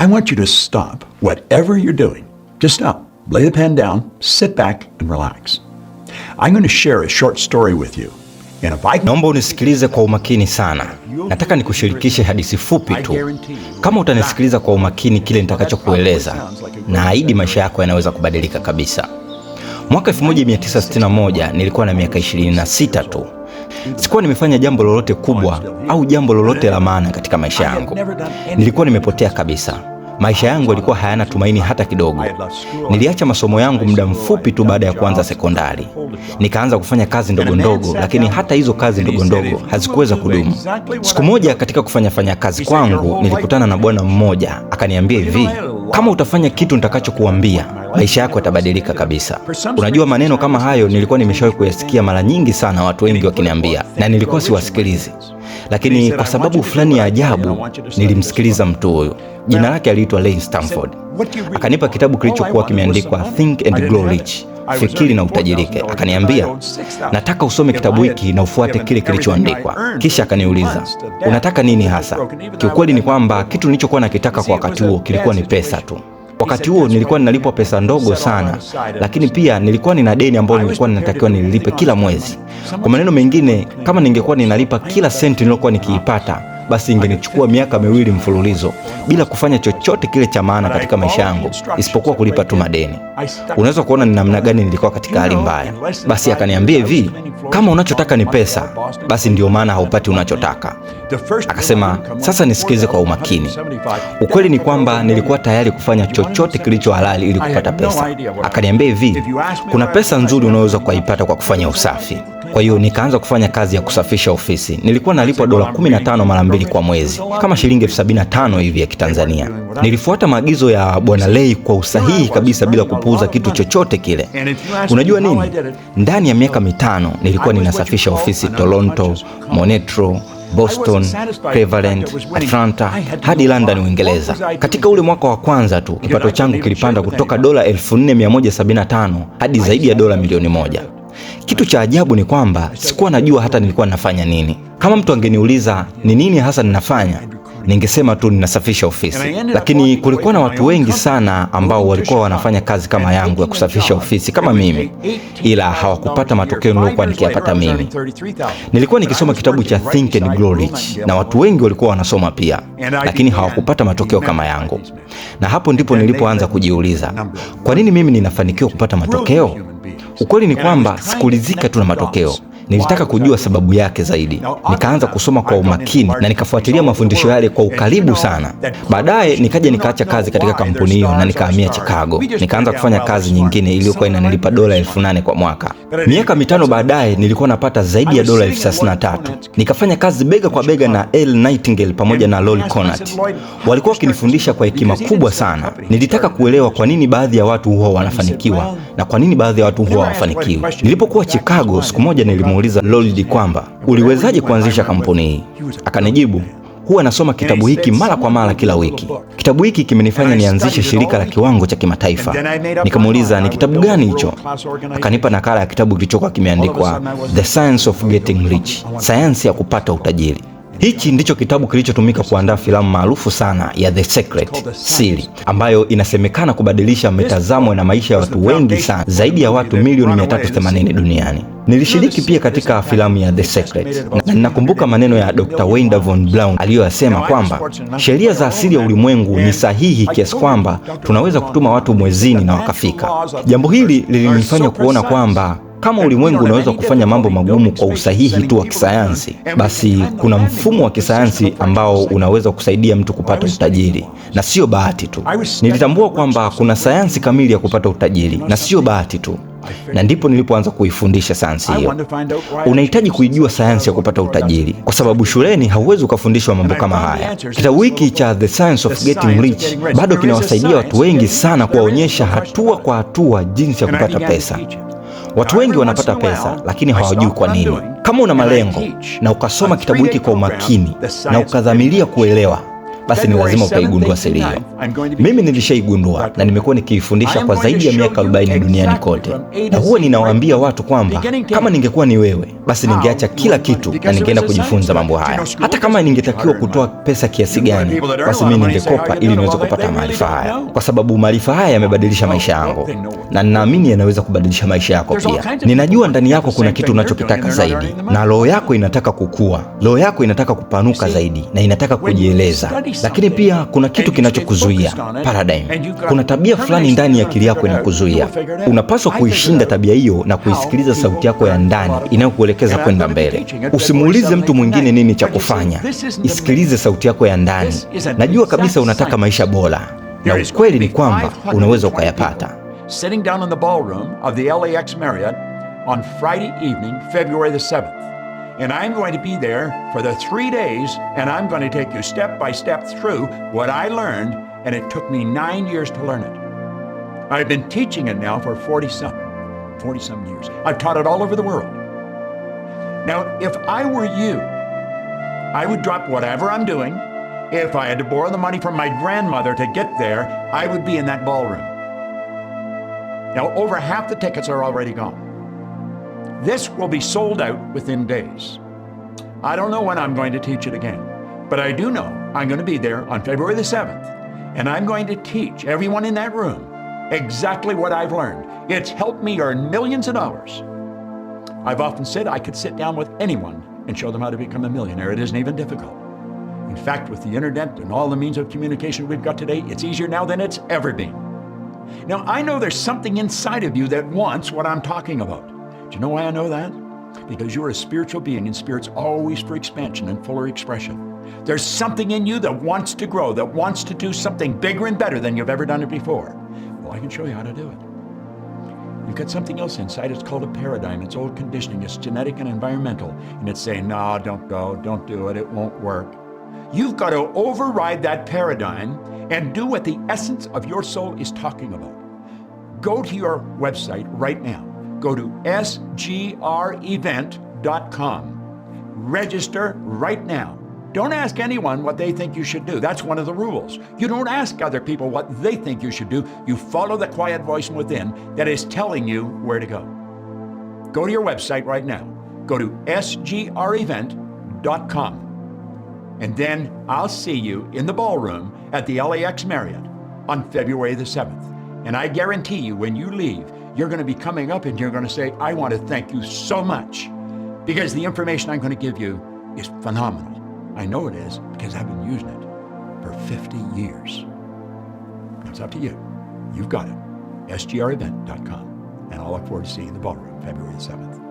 I want you to stop whatever you're doing. Just stop, lay the pen down, sit back, and relax. I'm going to share a short story with you. Naomba unisikilize kwa umakini sana. Nataka nikushirikishe hadithi fupi tu. Kama utanisikiliza kwa umakini kile nitakachokueleza, na aidi maisha yako yanaweza kubadilika kabisa. Mwaka 1961 nilikuwa na miaka 26 tu. Sikuwa nimefanya jambo lolote kubwa au jambo lolote la maana katika maisha yangu. Nilikuwa nimepotea kabisa. Maisha yangu yalikuwa hayana tumaini hata kidogo. Niliacha masomo yangu muda mfupi tu baada ya kuanza sekondari, nikaanza kufanya kazi ndogo ndogo, lakini hata hizo kazi ndogo ndogo hazikuweza kudumu. Siku moja katika kufanya fanya kazi kwangu, nilikutana na bwana mmoja akaniambia hivi, kama utafanya kitu nitakachokuambia maisha yako yatabadilika kabisa. Unajua, maneno kama hayo nilikuwa nimeshawahi kuyasikia mara nyingi sana, watu wengi wakiniambia, na nilikuwa siwasikilizi, lakini kwa sababu fulani ya ajabu nilimsikiliza mtu huyu. Jina lake aliitwa Ray Stanford, akanipa kitabu kilichokuwa kimeandikwa Think and Grow Rich, Fikiri na utajirike. Akaniambia, nataka usome kitabu hiki na ufuate kile kilichoandikwa. Kisha akaniuliza, unataka nini hasa? Kiukweli ni kwamba kitu nilichokuwa nakitaka kwa wakati huo kilikuwa ni pesa tu. Wakati huo nilikuwa ninalipwa pesa ndogo sana, lakini pia nilikuwa nina deni ambayo nilikuwa ninatakiwa nililipe kila mwezi. Kwa maneno mengine, kama ningekuwa ninalipa kila senti nilokuwa nikiipata basi ingenichukua miaka miwili mfululizo bila kufanya chochote kile cha maana katika maisha yangu isipokuwa kulipa tu madeni. Unaweza kuona ni namna gani nilikuwa katika hali mbaya. Basi akaniambia hivi, kama unachotaka ni pesa, basi ndio maana haupati unachotaka. Akasema, sasa nisikize kwa umakini. Ukweli ni kwamba nilikuwa tayari kufanya chochote kilicho halali ili kupata pesa. Akaniambia hivi, kuna pesa nzuri unaweza kuaipata kwa kufanya usafi. Kwa hiyo nikaanza kufanya kazi ya kusafisha ofisi. Nilikuwa nalipwa dola 15 mara mbili kwa mwezi, kama shilingi elfu sabini na tano hivi ya Kitanzania. Nilifuata maagizo ya Bwana Lei kwa usahihi kabisa bila kupuuza kitu chochote kile. Unajua nini? Ndani ya miaka mitano nilikuwa ninasafisha ofisi Toronto, Monetro, Boston, Cleveland, Atlanta hadi London, Uingereza. Katika ule mwaka wa kwanza tu kipato changu kilipanda kutoka dola 4175 hadi zaidi ya dola milioni moja. Kitu cha ajabu ni kwamba sikuwa najua hata nilikuwa nafanya nini. Kama mtu angeniuliza ni nini hasa ninafanya, ningesema tu ninasafisha ofisi, lakini kulikuwa na watu wengi sana ambao walikuwa wanafanya kazi kama yangu ya kusafisha ofisi kama mimi, ila hawakupata matokeo niliokuwa nikiyapata mimi. Nilikuwa nikisoma kitabu cha Think and Grow Rich na watu wengi walikuwa wanasoma pia, lakini hawakupata matokeo kama yangu, na hapo ndipo nilipoanza kujiuliza, kwa nini mimi ninafanikiwa kupata matokeo Ukweli ni kwamba sikulizika tu na matokeo, Nilitaka kujua sababu yake zaidi, nikaanza kusoma kwa umakini na nikafuatilia mafundisho yale kwa ukaribu sana. Baadaye nikaja nikaacha kazi katika kampuni hiyo na nikahamia Chicago, nikaanza kufanya kazi nyingine iliyokuwa inanilipa dola elfu nane kwa mwaka. Miaka mitano baadaye nilikuwa napata zaidi ya dola elfu thelathini na tatu. Nikafanya kazi bega kwa bega na L Nightingale pamoja na Lowell Conant, walikuwa wakinifundisha kwa hekima kubwa sana. Nilitaka kuelewa kwa nini baadhi ya watu huwa wanafanikiwa na kwa nini baadhi ya watu huwa hawafanikiwi. Nilipokuwa Chicago siku moja nilimu nilimuuliza Loldi kwamba uliwezaje kuanzisha kampuni hii, akanijibu huwa nasoma kitabu hiki mara kwa mara kila wiki. Kitabu hiki kimenifanya nianzishe shirika la kiwango cha kimataifa. Nikamuuliza ni kitabu gani hicho, akanipa nakala ya kitabu kilichokuwa kimeandikwa The Science of Getting Rich, sayansi ya kupata utajiri hichi ndicho kitabu kilichotumika kuandaa filamu maarufu sana ya The Secret, siri, ambayo inasemekana kubadilisha mitazamo na maisha ya watu wengi sana, zaidi ya watu milioni 380 duniani. Nilishiriki pia katika filamu ya The Secret na ninakumbuka maneno ya Dr. Wernher von Braun aliyoyasema kwamba sheria za asili ya ulimwengu ni sahihi kiasi kwamba tunaweza kutuma watu mwezini na wakafika. Jambo hili lilinifanya kuona kwamba kama ulimwengu unaweza kufanya mambo magumu kwa usahihi tu wa kisayansi, basi kuna mfumo wa kisayansi ambao unaweza kusaidia mtu kupata utajiri, na sio bahati tu. Nilitambua kwamba kuna sayansi kamili ya kupata utajiri, na sio bahati tu na ndipo nilipoanza kuifundisha sayansi hiyo. Unahitaji kuijua sayansi ya kupata utajiri, kwa sababu shuleni hauwezi ukafundishwa mambo kama haya. Kitabu hiki cha The Science of Getting Rich bado kinawasaidia watu wengi sana, kuwaonyesha hatua kwa hatua jinsi ya kupata pesa. Watu wengi wanapata pesa lakini hawajui kwa nini. Kama una malengo na ukasoma kitabu hiki kwa umakini na ukadhamiria kuelewa basi ni lazima ukaigundua siri hiyo. Mimi nilishaigundua na nimekuwa nikiifundisha kwa zaidi ya miaka 40 duniani kote, na huwa ninawaambia watu kwamba kama ningekuwa ni wewe, basi ningeacha kila kitu na ningeenda kujifunza mambo haya. Hata kama ningetakiwa kutoa pesa kiasi gani, basi mimi ningekopa ili niweze kupata maarifa haya, kwa sababu maarifa haya yamebadilisha maisha yangu na ninaamini yanaweza kubadilisha maisha yako pia. Ninajua ndani yako kuna kitu unachokitaka zaidi, na roho yako inataka kukua, roho yako inataka kupanuka zaidi na inataka kujieleza lakini pia kuna kitu kinachokuzuia paradigm. Kuna tabia fulani ndani ya akili yako inakuzuia. Unapaswa kuishinda tabia hiyo na kuisikiliza sauti yako ya ndani inayokuelekeza kwenda mbele. Usimuulize mtu mwingine nini cha kufanya, isikilize sauti yako ya ndani. Najua kabisa unataka maisha bora, na ukweli ni kwamba unaweza ukayapata. Sitting down in the ballroom of the LAX Marriott on Friday evening, February the 7th. and I'm going to be there for the three days, and I'm going to take you step by step through what I learned, and it took me nine years to learn it. I've been teaching it now for 40 some, 40 some years. I've taught it all over the world. Now, if I were you, I would drop whatever I'm doing. If I had to borrow the money from my grandmother to get there, I would be in that ballroom. Now, over half the tickets are already gone. This will be sold out within days. I don't know when I'm going to teach it again, but I do know I'm going to be there on February the 7th, and I'm going to teach everyone in that room exactly what I've learned. It's helped me earn millions of dollars. I've often said I could sit down with anyone and show them how to become a millionaire. It isn't even difficult. In fact, with the internet and all the means of communication we've got today, it's easier now than it's ever been. Now, I know there's something inside of you that wants what I'm talking about. Do you know why I know that? Because you're a spiritual being and spirit's always for expansion and fuller expression. There's something in you that wants to grow, that wants to do something bigger and better than you've ever done it before. Well, I can show you how to do it. You've got something else inside. It's called a paradigm. It's old conditioning. It's genetic and environmental. And it's saying, no, don't go, don't do it, it won't work. You've got to override that paradigm and do what the essence of your soul is talking about. Go to your website right now go to sgrevent.com. Register right now. Don't ask anyone what they think you should do. That's one of the rules. You don't ask other people what they think you should do. You follow the quiet voice within that is telling you where to go. Go to your website right now. Go to sgrevent.com. And then I'll see you in the ballroom at the LAX Marriott on February the 7th. And I guarantee you, when you leave, you're going to be coming up and you're going to say, I want to thank you so much because the information I'm going to give you is phenomenal. I know it is because I've been using it for 50 years. It's up to you. You've got it. SGREvent.com. And I look forward to seeing you in the ballroom February 7th.